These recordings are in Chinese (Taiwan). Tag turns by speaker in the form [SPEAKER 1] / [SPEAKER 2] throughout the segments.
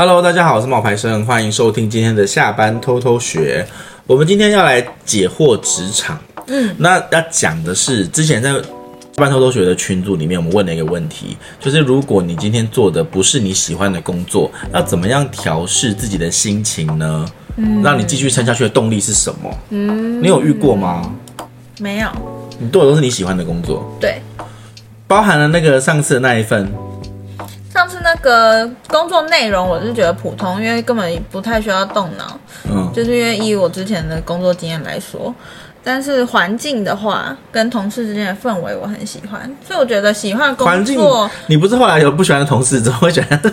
[SPEAKER 1] Hello，大家好，我是冒牌生，歡迎收聽今天的下班偷偷學。我們今天要來解惑職場。嗯，那要講的是，之前在下班偷偷學的群組裡面，我們問了一個問題，就是如果你今天做的不是你喜歡的工作，那怎麼樣調適自己的心情呢？嗯，
[SPEAKER 2] 讓你繼
[SPEAKER 1] 續撐下去的動力是什麼？嗯，你有遇過嗎？嗯、
[SPEAKER 2] 沒有。
[SPEAKER 1] 你做的都是你喜歡的工作。對。包含了那個上次的那一份。
[SPEAKER 2] 上次那個工作內容，我是覺得普通，因為根本不太需要動腦。嗯、哦，就是因為以我之前的工作經驗來說，但是環境的話，跟同事之間的氛圍我很喜歡，所以我覺得喜歡工作。
[SPEAKER 1] 你不是後來有不喜歡的同事，怎麼會喜歡的？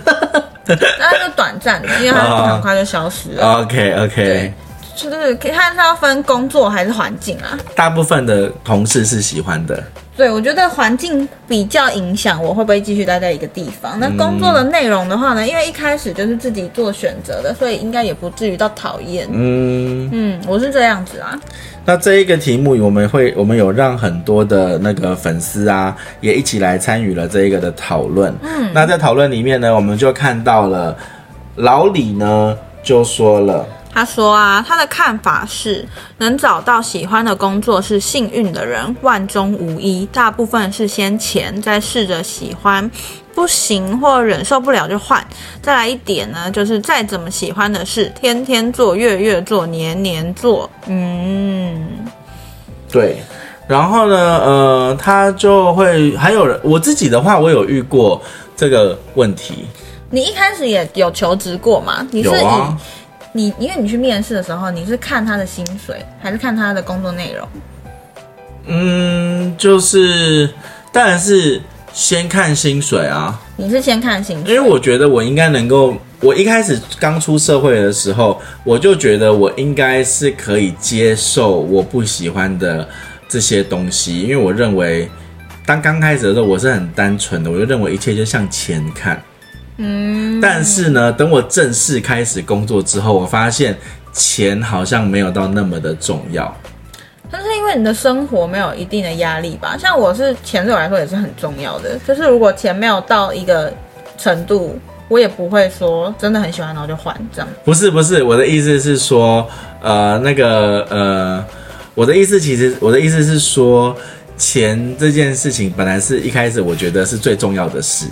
[SPEAKER 2] 那他就短暫，因為他很快就消失了。
[SPEAKER 1] 哦、OK OK，
[SPEAKER 2] 就是看他要分工作還是環境啊。
[SPEAKER 1] 大部分的同事是喜歡的。
[SPEAKER 2] 對，我覺得環境比較影響我會不會繼續待在一個地方。那工作的內容的話呢，嗯、因為一開始就是自己做選擇的，所以應該也不至於到討厭。嗯嗯，我是這樣子啊。
[SPEAKER 1] 那這一個題目，我們會我們有讓很多的那個粉絲啊，嗯、也一起來參與了這一個的討論。嗯，那在討論裡面呢，我們就看到了老李呢就說了。
[SPEAKER 2] 他說啊，他的看法是能找到喜歡的工作是幸運的人，萬中無一。大部分是先錢再試着喜歡，不行或忍受不了就換。再來一點呢，就是再怎麼喜歡的事，天天做，月月做，年年做。嗯，
[SPEAKER 1] 對。然後呢，呃，他就會還有人，我自己的話，我有遇過這個問題。
[SPEAKER 2] 你一開始也有求職過嗎？你是以，有啊。你因為你去面試的時候，你是看他的薪水還是看他的工作內容？
[SPEAKER 1] 嗯，就是當然是先看薪水啊。
[SPEAKER 2] 你是先看薪水？
[SPEAKER 1] 因為我覺得我應該能夠，我一開始剛出社會的時候，我就覺得我應該是可以接受我不喜歡的這些東西，因為我認為當剛開始的時候，我是很單純的，我就認為一切就向前看。嗯，但是呢，等我正式開始工作之後，我發現錢好像沒有到那麼的重要。
[SPEAKER 2] 但是因為你的生活沒有一定的壓力吧？像我是錢對我來說也是很重要的，就是如果錢沒有到一個程度，我也不會說真的很喜歡然後就還這樣。
[SPEAKER 1] 不是不是，我的意思是說，呃，那個呃，我的意思其實我的意思是說，錢這件事情本來是一開始我覺得是最重要的事。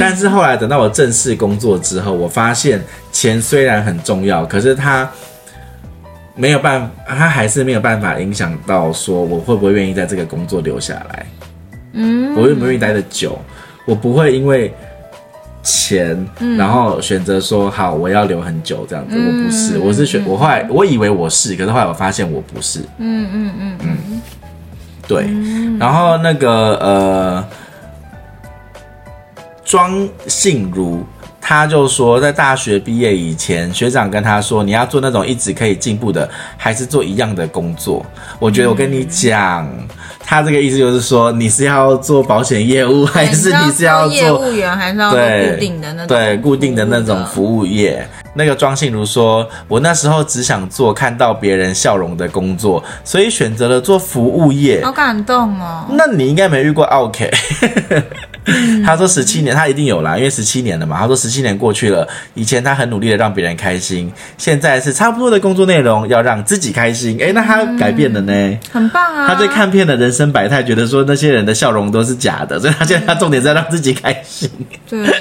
[SPEAKER 1] 但是後來等到我正式工作之後，我發現錢雖然很重要，可是他沒有辦法，他還是沒有辦法影響到說我會不會願意在這個工作留下來。
[SPEAKER 3] 嗯，我願不願意
[SPEAKER 1] 待得久？我不會因為錢、嗯、然後選擇說好我要留很久這樣子。嗯、我不是，我是選我後來我以為我是，可是後來我發現我不是。嗯
[SPEAKER 3] 嗯嗯
[SPEAKER 1] 嗯，對，嗯、然後那個呃。莊信如，他就說，在大學畢業以前，學長跟他說，你要做那種一直可以進步的，還是做一樣的工作？我覺得我跟你講，嗯、他這個意思就是說，你是要做保險業務，還是你是要做是業務
[SPEAKER 2] 員，還是要做對固定的那種對
[SPEAKER 1] 固定的那種服務業？那個莊信如說，我那時候只想做看到別人笑容的工作，所以選擇了做服務業。好
[SPEAKER 2] 感動哦！
[SPEAKER 1] 那你應該沒遇過奧客。 嗯、他說十七年，他一定有啦，因為十七年了嘛。他說十七年過去了，以前他很努力的讓別人開心，現在是差不多的工作內容，要讓自己開心。哎，那他改變了呢？嗯、很棒啊！他在看片的人生百態，覺得說那些人的笑容都是假的，所以他現在他重點在讓自己開心。對。對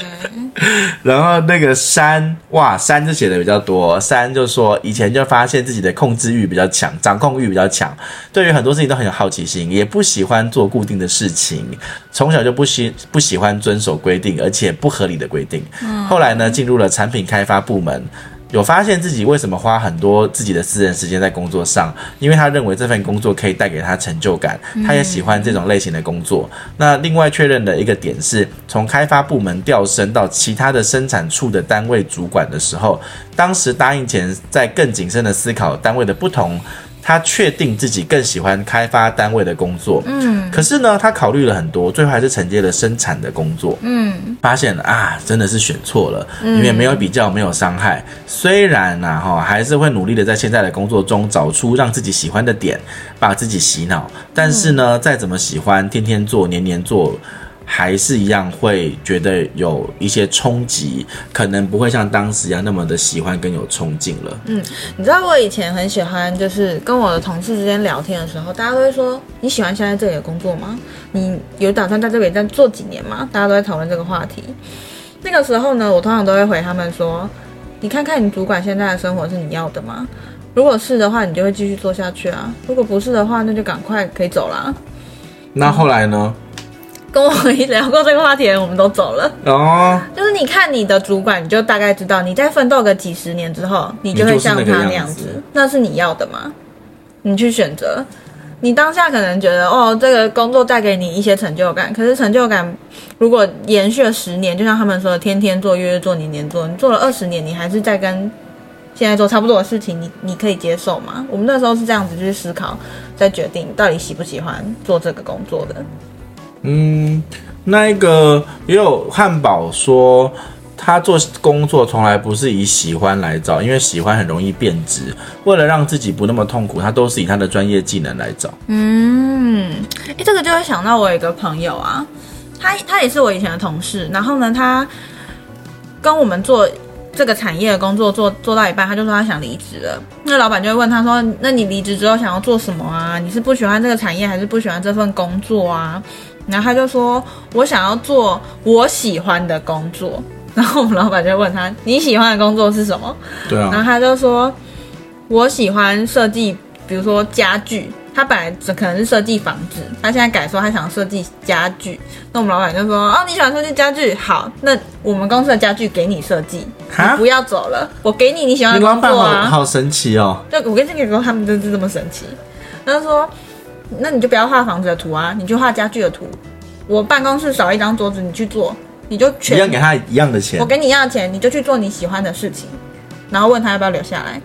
[SPEAKER 1] 然後那個山，哇，山就寫的比較多。山就說以前就發現自己的控制欲比較強，掌控欲比較強，對於很多事情都很有好奇心，也不喜歡做固定的事情，從小就不喜。不喜歡遵守規定，而且不合理的規定。後來呢，進入了產品開發部門，嗯、有發現自己為什麼花很多自己的私人時間在工作上，因為他認為這份工作可以帶給他成就感，他也喜歡這種類型的工作。嗯、那另外確認的一個點是，從開發部門調升到其他的生產處的單位主管的時候，當時答應前在更謹慎的思考單位的不同。他確定自己更喜歡開發單位的工作，嗯，可是呢，他考慮了很多，最後還是承接了生產的工作，嗯，發現了啊，真的是選錯了，因為沒有比較，沒有傷害。嗯、雖然啊，哈，還是會努力的在現在的工作中找出讓自己喜歡的點，把自己洗腦，但是呢，嗯、再怎麼喜歡，天天做，年年做。還是一樣會覺得有一些衝擊，可能不會像當時一樣那麼的喜歡跟有衝勁了。
[SPEAKER 2] 嗯，你知道我以前很喜歡，就是跟我的同事之間聊天的時候，大家都會說你喜歡現在這裡的工作嗎？你有打算在這裡再做幾年嗎？大家都在討論這個話題。那個時候呢，我通常都會回他們說：“你看看你主管現在的生活是你要的嗎？如果是的話，你就會繼續做下去啊；如果不是的話，那就趕快可以走了。”
[SPEAKER 1] 那後來呢？
[SPEAKER 2] 跟我一聊過這個話題，我們都走
[SPEAKER 1] 了。
[SPEAKER 2] 哦，oh. 就是你看你的主管，你就大概知道，你在奮鬥個幾十年之後，你就會像他那樣子。你就是那個樣子。那是你要的嗎？你去選擇。你當下可能覺得，哦，這個工作帶給你一些成就感，可是成就感如果延續了十年，就像他們說的，天天做、月月做、年年做，你做了二十年，你還是在跟現在做差不多的事情，你你可以接受嗎？我們那時候是這樣子去思考，再決定到底喜不喜歡做這個工作的。
[SPEAKER 1] 嗯，那一個也有漢堡說，他做工作從來不是以喜歡來找，因為喜歡很容易變質。為了讓自己不那麼痛苦，他都是以他的專業技能來找。
[SPEAKER 2] 嗯、欸，這個就會想到我有一個朋友啊，他他也是我以前的同事。然後呢，他跟我們做這個產業的工作做做到一半，他就說他想離職了。那老闆就會問他說：“那你離職之後想要做什麼啊？你是不喜歡這個產業，還是不喜歡這份工作啊？”然後他就說：“我想要做我喜歡的工作。”然後我們老闆就問他：“你喜歡的工作是什麼？”對啊。然後他就說：“我喜歡設計，比如說家具。”他本來只可能是設計房子，他現在改說他想設計家具。那我們老闆就說：“哦，你喜歡設計家具，好，那我們公司的家具給你設計，哈你不要走了，我給你你喜歡的工作、啊、工辦好，好神奇哦！就我跟你說，他們真是這麼神奇。他說。那你就不要畫房子的圖啊，你就畫家具的圖。我辦公室少一張桌子，你去做，你就全你要給他一
[SPEAKER 1] 樣的錢，我給你
[SPEAKER 2] 一樣的錢，你就去做你喜歡的事情，然後問他要不要留下來。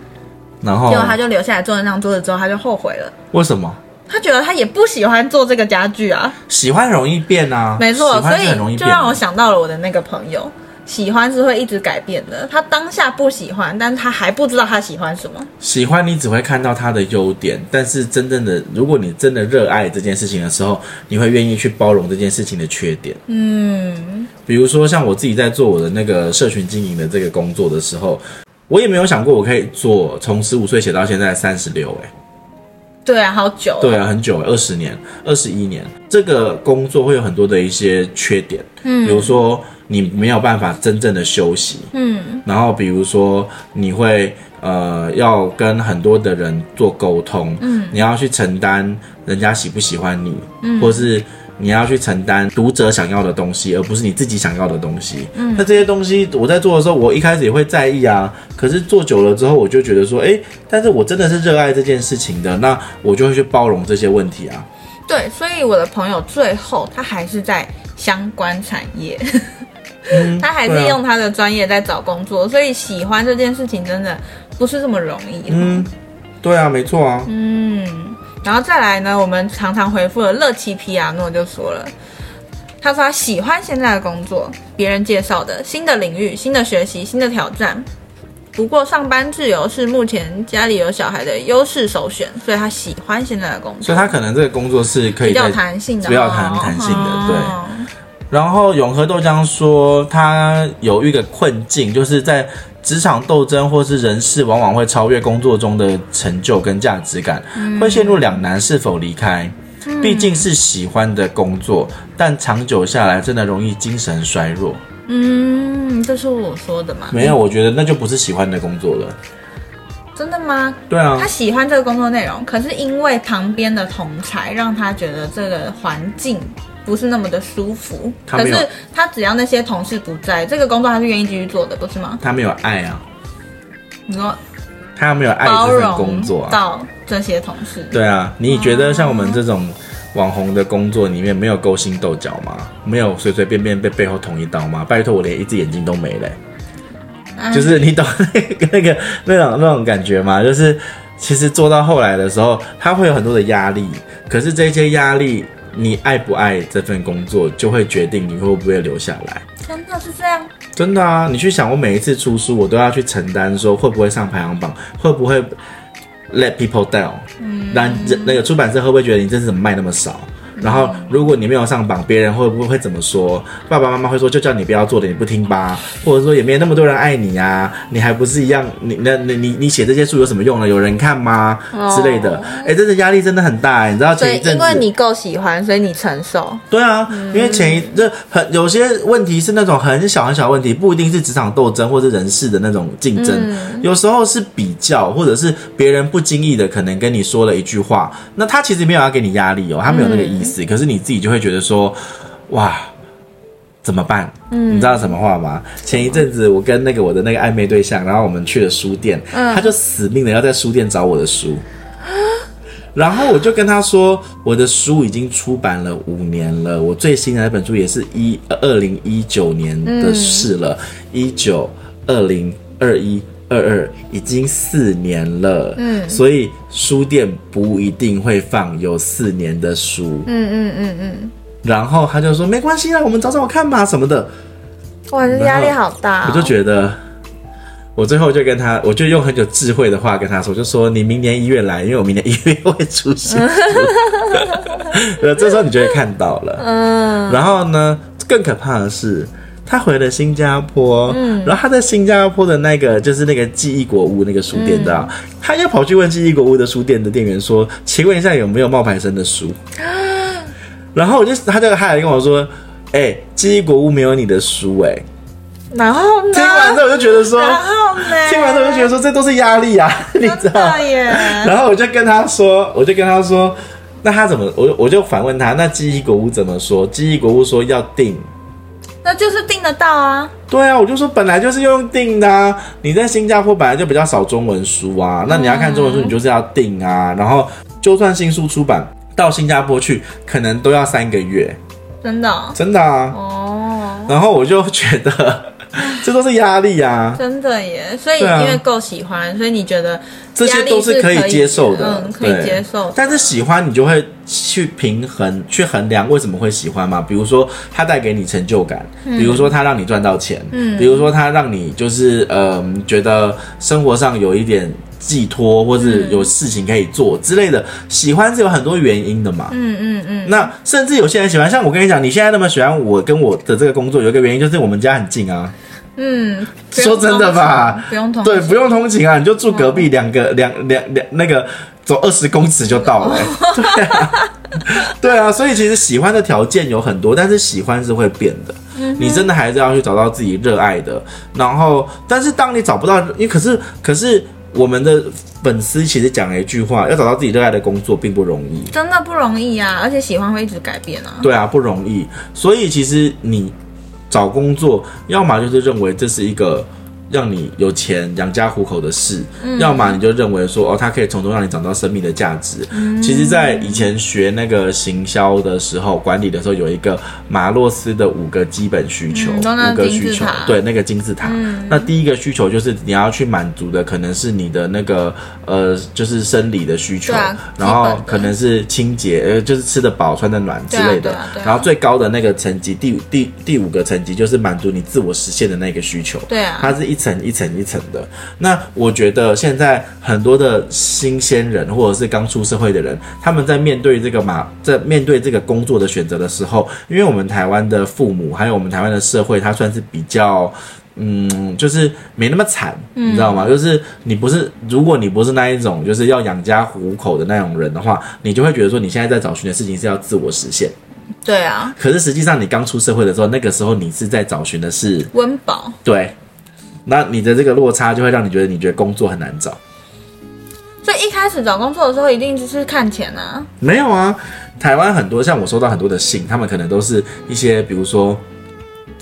[SPEAKER 1] 然後結果他就
[SPEAKER 2] 留下來做那張桌子之後，他就後悔了。為什麼？他覺得他也不喜歡做這個家具啊，
[SPEAKER 1] 喜歡容易變啊。沒錯，喜歡就容易變啊，所以就讓我
[SPEAKER 2] 想到了我的那個朋友。喜歡是會一直改變的。他當下不喜歡，但是他還不知道他喜歡什麼。
[SPEAKER 1] 喜歡你只會看到他的優點，但是真正的，如果你真的熱愛這件事情的時候，你會願意去包容這件事情的缺點。嗯。比如說，像我自己在做我的那個社群經營的這個工作的時候，我也沒有想過我可以做從十五歲寫到現在三十六。哎。
[SPEAKER 2] 對啊，好久啊。對
[SPEAKER 1] 啊，很久欸，二十年、二十一年，這個工作會有很多的一些缺點。嗯。比如說。你沒有辦法真正的休息，嗯，然後比如說你會呃要跟很多的人做溝通，嗯，你要去承擔人家喜不喜歡你，嗯，或是你要去承擔讀者想要的東西，而不是你自己想要的東西，嗯，那這些東西我在做的時候，我一開始也會在意啊，可是做久了之後，我就覺得說，誒，但是我真的是熱愛這件事情的，那我就會去包容這些問題啊。
[SPEAKER 2] 對，所以我的朋友最後他還是在相關產業。 嗯啊、他還是用他的專業在找工作，所以喜歡這件事情真的不是這麼容易。嗯，
[SPEAKER 1] 對啊，沒錯啊。嗯，
[SPEAKER 2] 然後再來呢，我們常常回復了樂奇皮亞諾，就說了，他說他喜歡現在的工作，別人介紹的新的領域、新的學習、新的挑戰。不過上班自由是目前家裡有小孩的優勢首選，所以他喜歡現在的工作。所
[SPEAKER 1] 以他可能這個工作是可以比較彈性的，比較彈彈性的，哦、好的對。然後永和豆漿說，他有一個困境，就是在職場鬥爭或是人事，往往會超越工作中的成就跟價值感，嗯、會陷入兩難，是否離開？嗯、畢竟是喜歡的工作，但長久下來真的容易精神衰弱。
[SPEAKER 2] 嗯，這是我說的嘛？沒有，我
[SPEAKER 1] 覺得那就不是喜歡的工作了。真的嗎？對啊，他喜
[SPEAKER 2] 歡這個工作內容，可是因為旁邊的同儕，讓他覺得這個環境。不是那麼的舒服，可是他只要那些同事不在，這個工作還是願意繼續做的，不是嗎？他
[SPEAKER 1] 沒有愛啊，你
[SPEAKER 2] 說
[SPEAKER 1] 他有沒有愛這份工作啊？到
[SPEAKER 2] 這些同事，
[SPEAKER 1] 對啊，你覺得像我們這種網紅的工作裡面沒有勾心鬥角嗎？沒有隨隨便便被背後捅一刀嗎？拜託，我連一隻眼睛都沒了欸，就是你懂那個那個那種那種感覺嗎？就是其實做到後來的時候，他會有很多的壓力，可是這些壓力。你愛不愛這份工作，就會決定你會不會留下來。
[SPEAKER 3] 真的
[SPEAKER 1] 是這樣？真的啊！你去想，我每一次出書，我都要去承擔，說會不會上排行榜，會不會 let people down。嗯，那那個出版社會不會覺得你這次怎麼賣那麼少？然後，如果你沒有上榜，別人會不會會怎麼說？爸爸媽媽會說就叫你不要做的，你不聽吧？或者說也沒有那麼多人愛你啊，你還不是一樣？你那、你、你、你寫這些書有什麼用呢？有人看嗎？之類的。哎、oh. 欸，真的壓力真的很大，你知道前一陣？對，因為
[SPEAKER 2] 你夠喜歡，所以你承受。對啊，嗯、因為前
[SPEAKER 1] 一這很有些問題是那種很小很小的問題，不一定是職場鬥爭或者人事的那種競爭，嗯、有時候是比較，或者是別人不經意的可能跟你說了一句話，那他其實沒有要給你壓力哦，他沒有那個意思。嗯死，可是你自己就會覺得說，哇，怎麼辦？嗯、你知道什麼話嗎？前一陣子我跟那個我的那個曖昧對象，然後我們去了書店，嗯、他就死命的要在書店找我的書，然後我就跟他說，我的書已經出版了五年了，我最新的那本書也是一二零一九年的事了，一九二零二一。19, 二二已經四年了，嗯，所以書店不一定會放有四年的書，嗯嗯嗯嗯。嗯嗯，然後他就說沒關係啊，我們找找看吧什麼的。
[SPEAKER 2] 哇，這壓力好大，哦。我就
[SPEAKER 1] 覺得，我最後就跟他，我就用很有智慧的話跟他說，就說你明年一月來，因為我明年一月會出新書，嗯， 這時候你就會看到
[SPEAKER 3] 了。嗯。然
[SPEAKER 1] 後呢，更可怕的是。他回了新加坡，嗯，然後他在新加坡的那個就是那個記憶國屋那個書店的，嗯、他又跑去問記憶國屋的書店的店員說：“請問一下有沒有冒牌生的書？”然後我就他就他跟我說：“哎、欸，記憶國屋沒有你的書哎、欸。”然後呢，聽完之後我就覺得說：“然後聽完之後我就覺得說這都是壓力啊， 你知道耶？然後我就跟他說，我就跟他說：“那他怎麼？我就我就反問他，那記憶國屋怎麼說？記憶國屋說要訂。”
[SPEAKER 2] 那
[SPEAKER 1] 就是訂得到啊！對啊，我就說本來就是用訂的啊。你在新加坡本來就比較少中文書啊，那你要看中文書，你就是要訂啊。嗯。然後就算新書出版到新加坡去，可能都要三個月。真的哦？真的啊！哦。然後我就覺得。這都是壓力呀、啊，真
[SPEAKER 2] 的耶。所以因為夠喜歡，啊、所以你覺得這些都是可以接受的。嗯，可以接受。但是
[SPEAKER 1] 喜歡你就會去平衡、去衡量為什麼會喜歡嘛？比如說他帶給你成就感，比如說他讓你賺到錢，嗯、比如說他讓你就是、呃、覺得生活上有一點寄託或者有事情可以做之類的，喜歡是有很多原因的嘛。嗯嗯嗯。那甚至有些人喜歡，像我跟你講，你現在那麼喜歡我跟我的這個工作，有一個原因就是我們家很近啊。嗯。
[SPEAKER 2] 說真的吧，不用通。對，不
[SPEAKER 1] 用通勤啊，你就住隔壁，兩個兩兩兩那個走二十公尺就到了，欸。對啊。對啊，所以其實喜歡的條件有很多，但是喜歡是會變的。
[SPEAKER 3] 嗯。你真
[SPEAKER 1] 的還是要去找到自己熱愛的，然後，但是當你找不到，你可是可是。我們的粉絲其實講了一句話：“要找到自己熱愛的工作並不容易，
[SPEAKER 2] 真的不容易啊！而且喜歡會一直改變啊。”對
[SPEAKER 1] 啊，不容易。所以其實你找工作，要麼就是認為這是一個。讓你有錢養家糊口的事，嗯、要麼你就認為說哦，它可以從中讓你找到生命的價值。嗯、其實，在以前學那個行銷的時候，管理的時候有一個馬洛斯的五個基本需求，嗯、五個需求，對，那個金字塔。嗯、那第一個需求就是你要去滿足的，可能是你的那個呃，就是生理的需求，啊、然後可能是清潔，呃，就是吃得飽、穿得暖之類的。啊啊啊、然後最高的那個層級，第五第第五個層級就是滿足你自我實現的那個需求。對啊，它是一。一層一層一層的。那我覺得現在很多的新鮮人，或者是剛出社會的人，他們在面對這個嘛，在面對這個工作的選擇的時候，因為我們台灣的父母，還有我們台灣的社會，他算是比較，嗯，就是沒那麼慘，嗯、你知道嗎？就是你不是，如果你不是那一種就是要養家糊口的那種人的話，你就會覺得說，你現在在找尋的事情是要自我實現。
[SPEAKER 2] 對啊。
[SPEAKER 1] 可是實際上，你剛出社會的時候，那個時候你是在找尋的是溫飽。寶對。那你的這個落差就會讓你覺得，你覺得工作很難找，
[SPEAKER 2] 所以一開始找工作的時候，一定就是看錢啊。
[SPEAKER 1] 沒有啊，台灣很多像我收到很多的信，他們可能都是一些，比如說。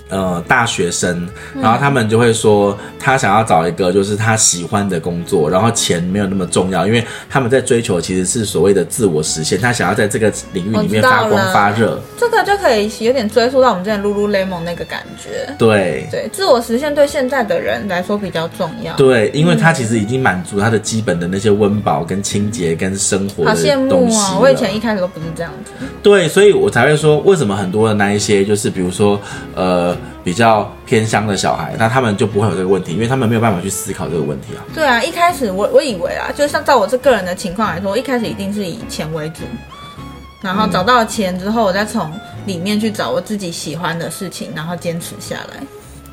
[SPEAKER 1] 呃，大學生，然後他們就會說，他想要找一個就是他喜歡的工作，然後錢沒有那麼重要，因為他們在追求其實是所謂的自我實現，他想要在這個領域裡面發光發熱。這
[SPEAKER 2] 個就可以有點追溯到我們之前 Lululemon 那個感覺。
[SPEAKER 1] 對對，
[SPEAKER 2] 自我實現對現在的人來說比較重要。對，因為他
[SPEAKER 1] 其實已經滿足他的基本的那些溫飽跟清潔跟生活的東西。我以
[SPEAKER 2] 前一開始都不是這樣
[SPEAKER 1] 子。對，所以我才會說，為什麼很多的那一些就是比如說，呃。.比較偏鄉的小孩，那他們就不會有這個問題，因為他們沒有辦法去思考這個問題啊。
[SPEAKER 2] 對啊，一開始我我以為啊，就像照我這個人的情況來說，一開始一定是以錢為主，然後找到了錢之後，我再從裡面去找我自己喜歡的事情，然後堅持下來。
[SPEAKER 1] 嗯。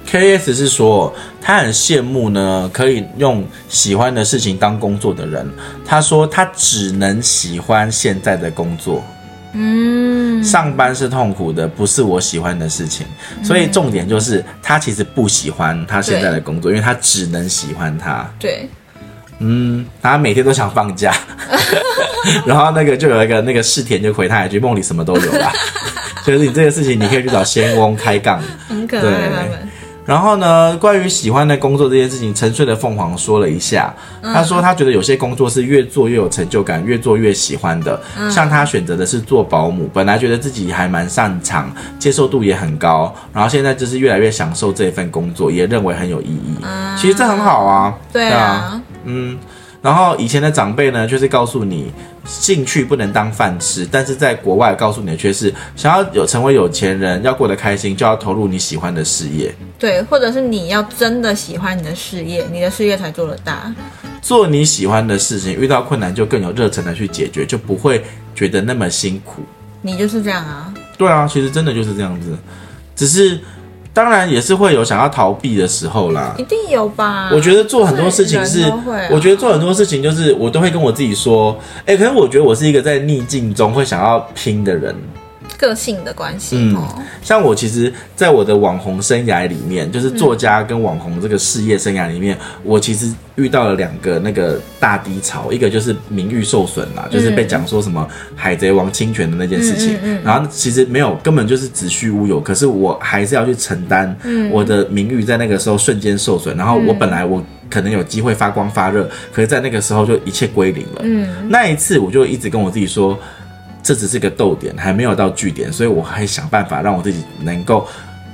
[SPEAKER 1] KS 是說他很羨慕呢，可以用喜歡的事情當工作的人。他說他只能喜歡現在的工作。嗯，上班是痛苦的，不是我喜歡的事情，嗯、所以重點就是他其實不喜歡他現在的工作，對因為他只能喜歡他。對，嗯，他每天都想放假， 然後那個就有一個那個世田就回他一句：夢裡什麼都有啦，所以 你這個事情你可以去找仙翁開槓，
[SPEAKER 3] 對很可愛
[SPEAKER 1] 然後呢，關於喜歡的工作這件事情，沉睡的鳳凰說了一下，嗯、他說他覺得有些工作是越做越有成就感，越做越喜歡的。嗯、像他選擇的是做保姆，本來覺得自己還蠻擅長，接受度也很高，然後現在就是越來越享受這份工作，也認為很有意義。嗯、其實這很好啊，對啊，嗯。然後以前的長輩呢，就是告訴你興趣不能當飯吃，但是在國外告訴你的卻是想要有成為有錢人，要過得開心就要投入你喜歡的事業。
[SPEAKER 2] 對，或者是你要真的喜歡你的事業，你的事業才做得大。
[SPEAKER 1] 做你喜歡的事情，遇到困難就更有熱忱的去解決，就不會覺得那麼辛苦。
[SPEAKER 2] 你就是這樣啊？
[SPEAKER 1] 對啊，其實真的就是這樣子，只是。當然也是會有想要逃避的時候啦，一
[SPEAKER 2] 定有吧。我覺得做很多事情是，我覺
[SPEAKER 1] 得做很多事情就是我都會跟我自己說，誒，可是我覺得我是一個在逆境中會想要拼的人。
[SPEAKER 2] 個性的關係，嗯，
[SPEAKER 1] 像我其實，在我的網紅生涯裡面，就是作家跟網紅這個事業生涯裡面，嗯、我其實遇到了兩個那個大低潮，一個就是名譽受損嘛、啊，嗯、就是被講說什麼《海賊王》侵權的那件事情，嗯嗯嗯、然後其實沒有，根本就是子虛烏有，可是我還是要去承擔我的名譽在那個時候瞬間受損，然後我本來我可能有機會發光發熱，可是在那個時候就一切歸零了。嗯，那一次我就一直跟我自己說。這只是個逗點，還沒有到句點，所以我還想辦法讓我自己能夠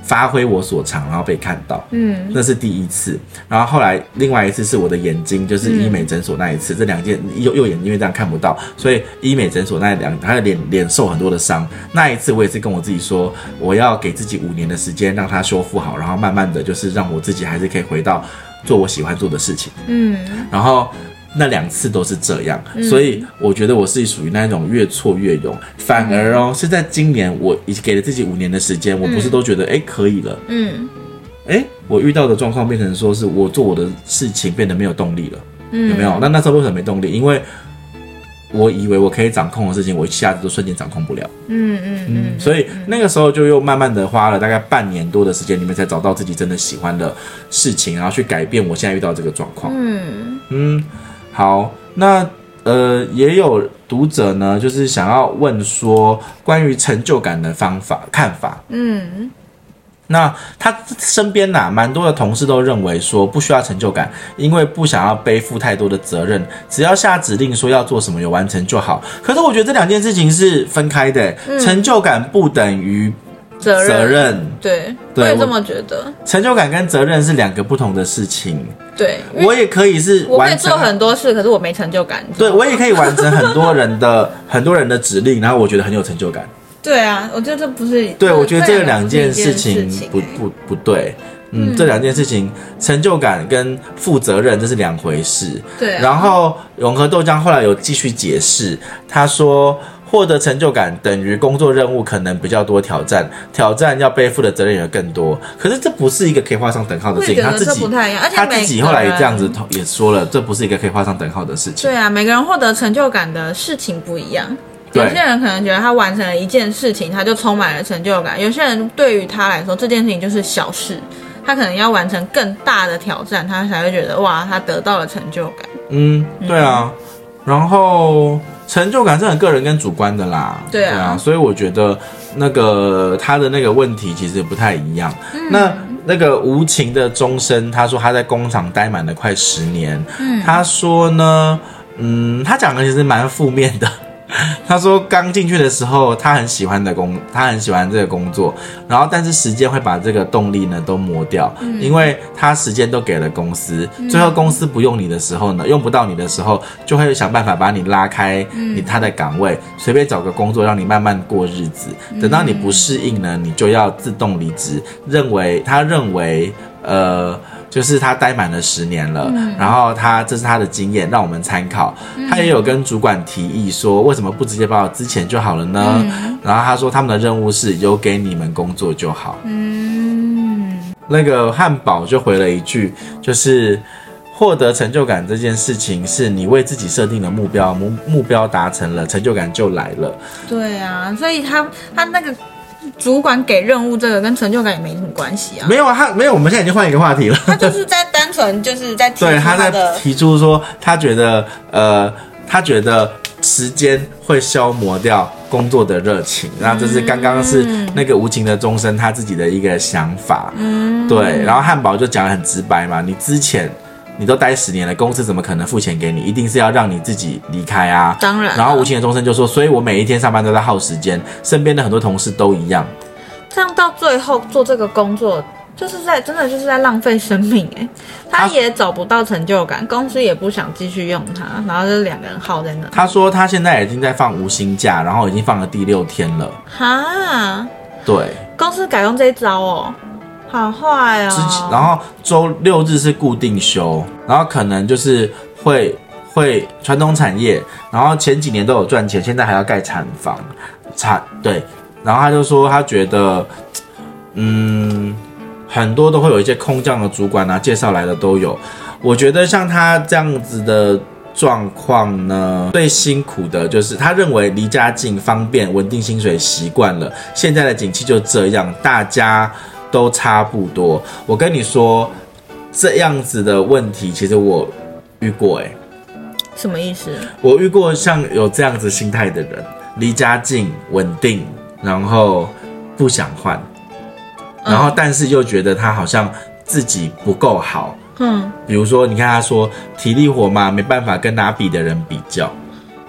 [SPEAKER 1] 發揮我所長，然後被看到。嗯，那是第一次。然後後來另外一次是我的眼睛，就是醫美診所那一次。嗯、這兩件右右眼因為這樣看不到，所以醫美診所那兩他的臉臉受很多的傷。那一次我也是跟我自己說，我要給自己五年的時間讓它修復好，然後慢慢的就是讓我自己還是可以回到做我喜歡做的事情。嗯，然後。那兩次都是這樣，嗯、所以我覺得我自己屬於那一種越挫越勇。反而哦，嗯、是在今年，我已經給了自己五年的時間，我不是都覺得哎、嗯欸、可以
[SPEAKER 3] 了，
[SPEAKER 1] 嗯，哎、欸，我遇到的狀況變成說是我做我的事情變得沒有動力
[SPEAKER 3] 了，有沒有？嗯、那
[SPEAKER 1] 那時候為什麼沒動力？因為我以為我可以掌控的事情，我一下子都瞬間掌控不了，嗯嗯嗯。所以那個時候就又慢慢的花了大概半年多的時間，你們才找到自己真的喜歡的事情，然後去改變我現在遇到的這個狀況，嗯嗯。嗯好，那呃，也有讀者呢，就是想要問說關於成就感的方法看法。嗯，那他身邊吶、啊，蠻多的同事都認為說不需要成就感，因為不想要背負太多的責任，只要下指令說要做什麼，有完成就好。可是我覺得這兩件事情是分開的，嗯、成就感不等於。責任，
[SPEAKER 2] 對，我也這麼覺得。
[SPEAKER 1] 成就感跟責任是兩個不同的事情。
[SPEAKER 2] 對，我也
[SPEAKER 1] 可以是，我也做很
[SPEAKER 2] 多事，可是我沒成就感。對，我也
[SPEAKER 1] 可以完成很多人的很多人的指令，然後我覺得很有成就感。對啊，
[SPEAKER 2] 我覺得這不
[SPEAKER 1] 是，對我覺得這兩件事情不不不對。嗯，這兩件事情，成就感跟負責任這是兩回事。對，然後永和豆漿後來有繼續解釋，他說。獲得成就感等於工作任務可能比較多，挑戰挑戰要背負的責任也更多。可是這不是一個可以畫上等號的事情。是不太一樣，他
[SPEAKER 2] 自己，他自己後來也這樣子
[SPEAKER 1] 也說了，這不是一個可以畫上等號的事
[SPEAKER 2] 情。對啊，每個人獲得成就感的事情不一樣。對有些人可能覺得他完成了一件事情，他就充滿了成就感。有些人對於他來說，這件事情就是小事，他可能要完成更大的挑戰，他才會覺得哇，他得到了成就感。
[SPEAKER 1] 嗯，對啊，嗯，然後。成就感是很個人跟主觀的啦，對啊，對啊，所以我覺得那個他的那個問題其實也不太一樣。嗯、那那個無情的鐘聲，他說他在工廠待滿了快十年，嗯、他說呢，嗯，他講的其實蠻負面的。他說，剛進去的時候，他很喜歡的工，他很喜歡這個工作，然後，但是時間會把這個動力呢都磨掉，因為他時間都給了公司，最後公司不用你的時候呢，用不到你的時候，就會想辦法把你拉開，你他的崗位，隨便找個工作讓你慢慢過日子，等到你不適應呢，你就要自動離職，認為他認為，呃。就是他待滿了十年了，嗯、然後他這是他的經驗，讓我們參考。他也有跟主管提議說，嗯、為什麼不直接把我資遣就好了呢？嗯、然後他說他們的任務是有給你們工作就好。嗯，那個漢堡就回了一句，就是獲得成就感這件事情是你為自己設定的目標，目目標達成了，成就感就來了。
[SPEAKER 2] 對啊，所以他他那個。主管給任務，這個跟成就感也沒什麼關係啊。
[SPEAKER 1] 沒有啊，他沒有。我們現在已經換一個話題了。他就是
[SPEAKER 2] 在單純就是在提出他對他在提
[SPEAKER 1] 出說，他覺得呃，他覺得時間會消磨掉工作的熱情。嗯、那這是剛剛是那個無情的鐘聲、嗯、他自己的一個想法。嗯，
[SPEAKER 3] 對，然
[SPEAKER 1] 後漢堡就講得很直白嘛，你之前。你都待十年了，公司怎麼可能付錢給你？一定是要讓你自己離開啊！當然。然後無情的終身就說，所以我每一天上班都在耗時間，身邊的很多同事都一樣。
[SPEAKER 2] 這樣到最後做這個工作就是在真的就是在浪費生命哎、欸，他也找不到成就感，啊、公司也不想繼續用他，然後就兩個人耗在
[SPEAKER 1] 那。他說他現在已經在放無薪假，然後已經放了第六天了。
[SPEAKER 2] 哈？對。公司改用這一招哦、喔。好壞
[SPEAKER 1] 哦，然後週六日是固定休，然後可能就是會會傳統產業，然後前幾年都有賺錢，現在還要蓋廠房。產。對，然後他就說他覺得，嗯，很多都會有一些空降的主管啊，介紹來的都有。我覺得像他這樣子的狀況呢，最辛苦的就是他認為離家近方便，穩定薪水習慣了，現在的景氣就這樣，大家。都差不多。我跟你說，這樣子的問題，其實我遇過誒、欸，
[SPEAKER 2] 什麼意思？
[SPEAKER 1] 我遇過像有這樣子心態的人，離家近、穩定，然後不想換，嗯、然後但是又覺得他好像自己不夠好。嗯。比如說，你看他說體力活嘛，沒辦法跟拿筆的人比較。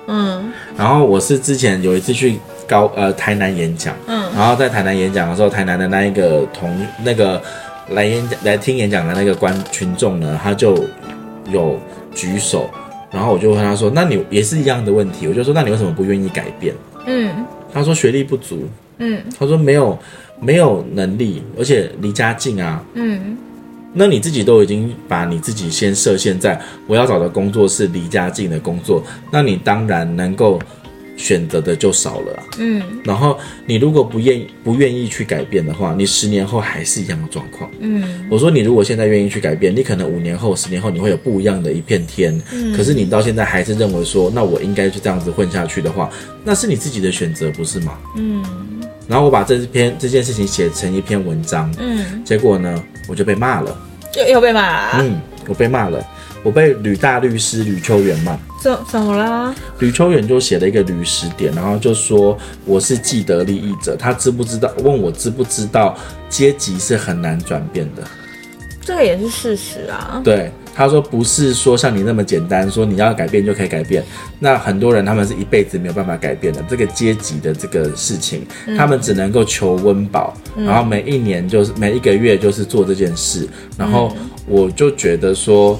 [SPEAKER 3] 嗯。
[SPEAKER 1] 然後我是之前有一次去。高呃，台南演講，嗯，然後在台南演講的時候，台南的那一個同那個來演講來聽演講的那個觀群眾呢，他就有舉手，然後我就問他說：“那你也是一樣的問題？”我就說：“那你為什麼不願意改變？”嗯，他說：“學歷不足。”嗯，他說：“沒有沒有能力，而且離家近啊。”嗯，那你自己都已經把你自己先設限在我要找的工作是離家近的工作，那你當然能夠。選擇的就少了啊，嗯，然後你如果不願意不願意去改變的話，你十年後還是一樣的狀況，嗯，我說你如果現在願意去改變，你可能五年後、十年後你會有不一樣的一片天，嗯，可是你到現在還是認為說，那我應該就這樣子混下去的話，那是你自己的選擇，不是嗎？嗯，然後我把這篇這件事情寫成一篇文章，嗯，結果呢，我就被罵了，
[SPEAKER 2] 又又被罵，嗯，
[SPEAKER 1] 我被罵了。我被呂大律師呂秋遠罵，怎
[SPEAKER 2] 怎麼啦？
[SPEAKER 1] 呂秋遠就寫了一個律師點，然後就說我是既得利益者。他知不知道？問我知不知道？階級是很難轉變的，
[SPEAKER 2] 這個也是事實啊。對，
[SPEAKER 1] 他說不是說像你那麼簡單，說你要改變就可以改變。那很多人他們是一輩子沒有辦法改變的。這個階級的這個事情，他們只能夠求溫飽，嗯、然後每一年就是每一個月就是做這件事。然後我就覺得說。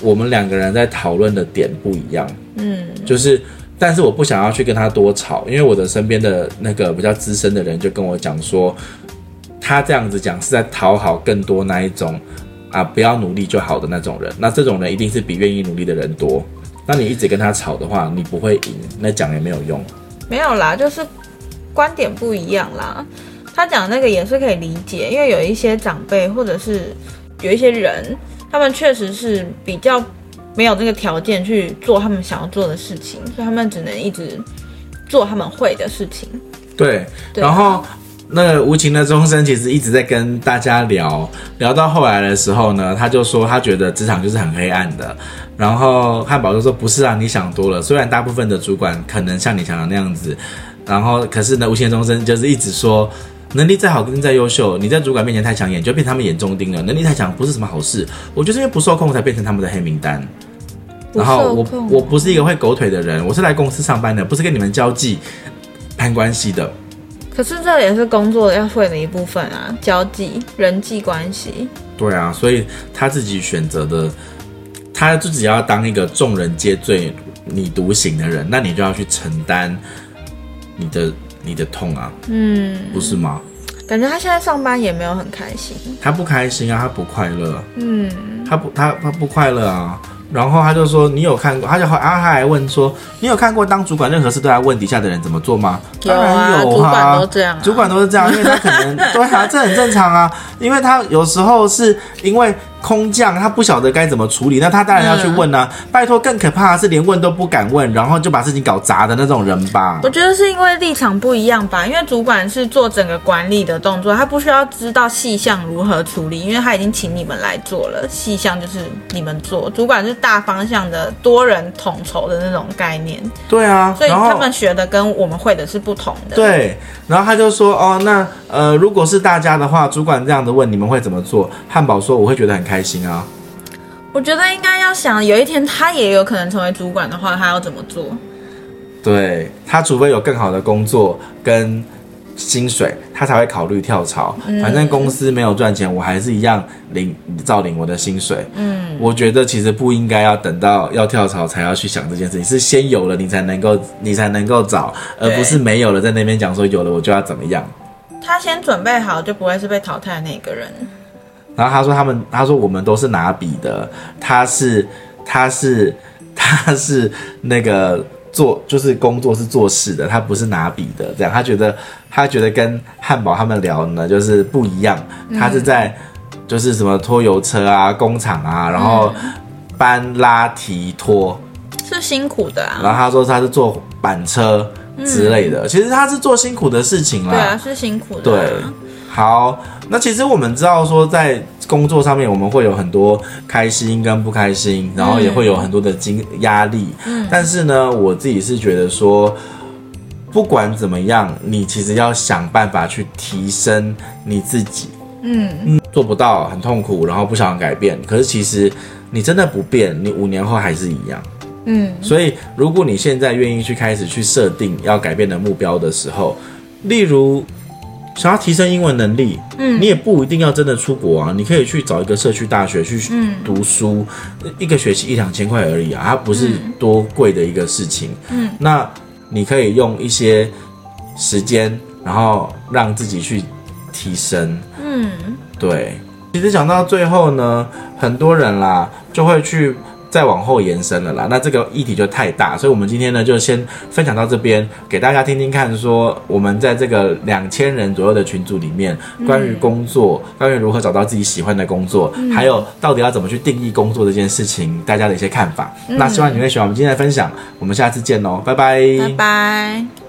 [SPEAKER 1] 我們兩個人在討論的點不一樣，
[SPEAKER 3] 嗯，就
[SPEAKER 1] 是，但是我不想要去跟他多吵，因為我的身邊的那個比較資深的人就跟我講說，他這樣子講是在討好更多那一種，啊，不要努力就好的那種人，那這種人一定是比願意努力的人多，那你一直跟他吵的話，你不會贏，那講也沒有用。
[SPEAKER 2] 沒有啦，就是觀點不一樣啦，他講那個也是可以理解，因為有一些長輩或者是有一些人。他們確實是比較沒有這個條件去做他們想要做的事情，所以他們只能一直做他們會的事情。
[SPEAKER 1] 對，然後對啊，那個無情的鐘聲其實一直在跟大家聊聊到後來的時候呢，他就說他覺得職場就是很黑暗的。然後漢堡就說不是啊，你想多了。雖然大部分的主管可能像你想的那樣子，然後可是呢，無情的鐘聲就是一直說。能力再好，跟再優秀，你在主管面前太搶眼，你就變他們眼中釘了。能力太強不是什麼好事，我就是因為不受控才變成他們的黑名單。啊、然後我我不是一個會狗腿的人，我是來公司上班的，不是跟你們交際攀關係的。
[SPEAKER 2] 可是這也是工作要會的一部分啊，交際人際關係。
[SPEAKER 1] 對啊，所以他自己選擇的，他自己要當一個眾人皆醉你獨醒的人，那你就要去承擔你的。你的痛啊，
[SPEAKER 2] 嗯，不是嗎？感覺他現在上班也沒有很開心。
[SPEAKER 1] 他不開心啊，他不快樂，嗯，他不，他他不快樂啊。然後他就說：“你有看過？”他就啊，他還問說：“你有看過當主管任何事都要問底下的人怎麼做嗎？”啊，當然有，啊，主管都這樣，啊，主管都是這樣，因為他可能 對啊，這很正常啊，因為他有時候是因為。空降他不曉得該怎麼處理，那他當然要去問啊，嗯、拜托，更可怕的是連問都不敢問，然後就把事情搞砸的那種人吧。我
[SPEAKER 2] 覺得是因為立場不一樣吧，因為主管是做整個管理的動作，他不需要知道細項如何處理，因為他已經請你們來做了，細項就是你們做。主管是大方向的、多人統籌的那種概念。
[SPEAKER 1] 對啊，所以他
[SPEAKER 2] 們後學的跟我們會的是不同的。對，
[SPEAKER 1] 然後他就說：“哦，那呃，如果是大家的話，主管這樣子問你們會怎麼做？”漢堡說：“我會覺得很開心。”開心啊！
[SPEAKER 2] 我覺得應該要想，有一天他也有可能成為主管的話，他要怎麼做？
[SPEAKER 1] 對，他除非有更好的工作跟薪水，他才會考慮跳槽。嗯，反正公司沒有賺錢，我還是一樣領照領我的薪水。嗯，我覺得其實不應該要等到要跳槽才要去想這件事，你是先有了你才能夠你才能夠找，而不是沒有了在那邊講說有了我就要怎麼樣。
[SPEAKER 2] 他先準備好，就不會是被淘汰的那個人。
[SPEAKER 1] 然後他說他們，他說我們都是拿筆的，他是，他是，他是那個做就是工作是做事的，他不是拿筆的，這樣他覺得他覺得跟漢堡他們聊呢就是不一樣，他是在、嗯、就是什麼拖油車啊，工廠啊，然後搬拉提拖、嗯、
[SPEAKER 2] 是辛苦的、啊，然後
[SPEAKER 1] 他說他是坐板車之類的，嗯、其實他是做辛苦的事情啦，對啊
[SPEAKER 2] 是辛苦的、啊、對。
[SPEAKER 1] 好，那其實我們知道說，在工作上面我們會有很多開心跟不開心，嗯、然後也會有很多的壓力。嗯、但是呢，我自己是覺得說，不管怎麼樣，你其實要想辦法去提升你自己。嗯嗯。做不到很痛苦，然後不想改變。可是其實你真的不變，你五年後還是一樣。
[SPEAKER 3] 嗯。所
[SPEAKER 1] 以，如果你現在願意去開始去設定要改變的目標的時候，例如。想要提升英文能力，嗯，你也不一定要真的出國啊，你可以去找一個社區大學去讀書，嗯，一個學期一兩千塊而已啊，它不是多貴的一個事情，嗯，那你可以用一些時間，然後讓自己去提升，嗯，對，其實講到最後呢，很多人啦就會去。再往後延伸了啦，那這個議題就太大，所以我們今天呢就先分享到這邊，給大家聽聽看說，說我們在這個兩千人左右的群組裡面，嗯、關於工作，關於如何找到自己喜歡的工作，嗯、還有到底要怎麼去定義工作這件事情，大家的一些看法。嗯、那希望你會喜歡我們今天的分享，我們下次見嘍，拜拜，拜
[SPEAKER 2] 拜。